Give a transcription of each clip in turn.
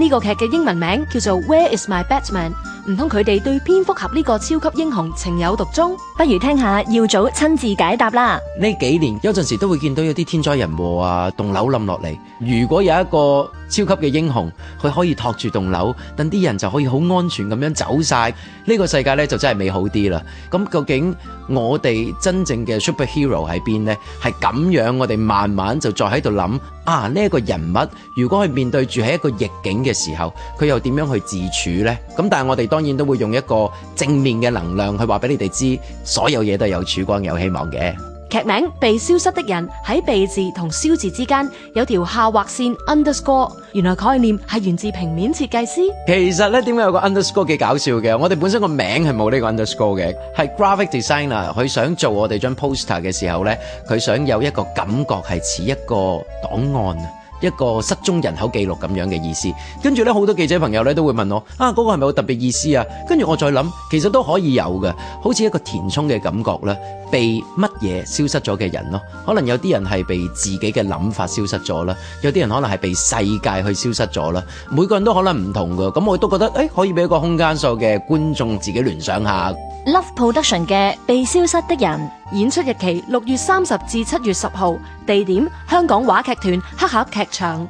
呢個劇嘅英文名叫做 Where Is My Batman？唔通佢哋對蝙蝠俠呢個超級英雄情有獨鍾？不如聽下耀祖親自解答啦。呢幾年有陣時都會見到有啲天災人禍啊，棟樓冧落嚟。如果有一個超級嘅英雄，佢可以托住棟樓，等啲人就可以好安全咁樣走晒，呢個世界咧就真係美好啲啦。咁究竟我哋真正嘅 super hero 喺邊咧？係咁樣，我哋慢慢就再喺度諗啊。呢一個人物，如果係面對住係一個逆境嘅嘅時候，佢又點樣去自處呢？咁但係我哋當然都會用一個正面嘅能量去話俾你哋知，所有嘢都有曙光、有希望嘅。劇名《被消失的人》，喺“被”字同“消”字之間有條下劃線 （underscore）。Underscore，原來概念係源自平面設計師。其實呢點解有個 underscore 幾搞笑嘅？我哋本身個名係冇呢個 underscore 嘅，係 graphic designer 佢想做我哋張 poster 嘅時候呢，佢想有一個感覺係似一個檔案。一個失蹤人口記錄咁樣嘅意思，跟住呢，好多記者朋友呢都會問我啊，嗰個係咪好特別意思啊？跟住我再諗，其實都可以有嘅，好似一個填充嘅感覺啦，被乜嘢消失咗嘅人咯，可能有啲人係被自己嘅諗法消失咗啦，有啲人可能係被世界去消失咗啦，每個人都可能唔同嘅，咁我都覺得、哎、可以俾一個空間數嘅觀眾自己聯想下。《Love Production》嘅《被消失的人》，演出日期六月三十至七月十號，地點香港話劇團黑盒劇場。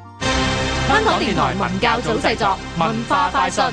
香港電台文教組製作，文化快訊。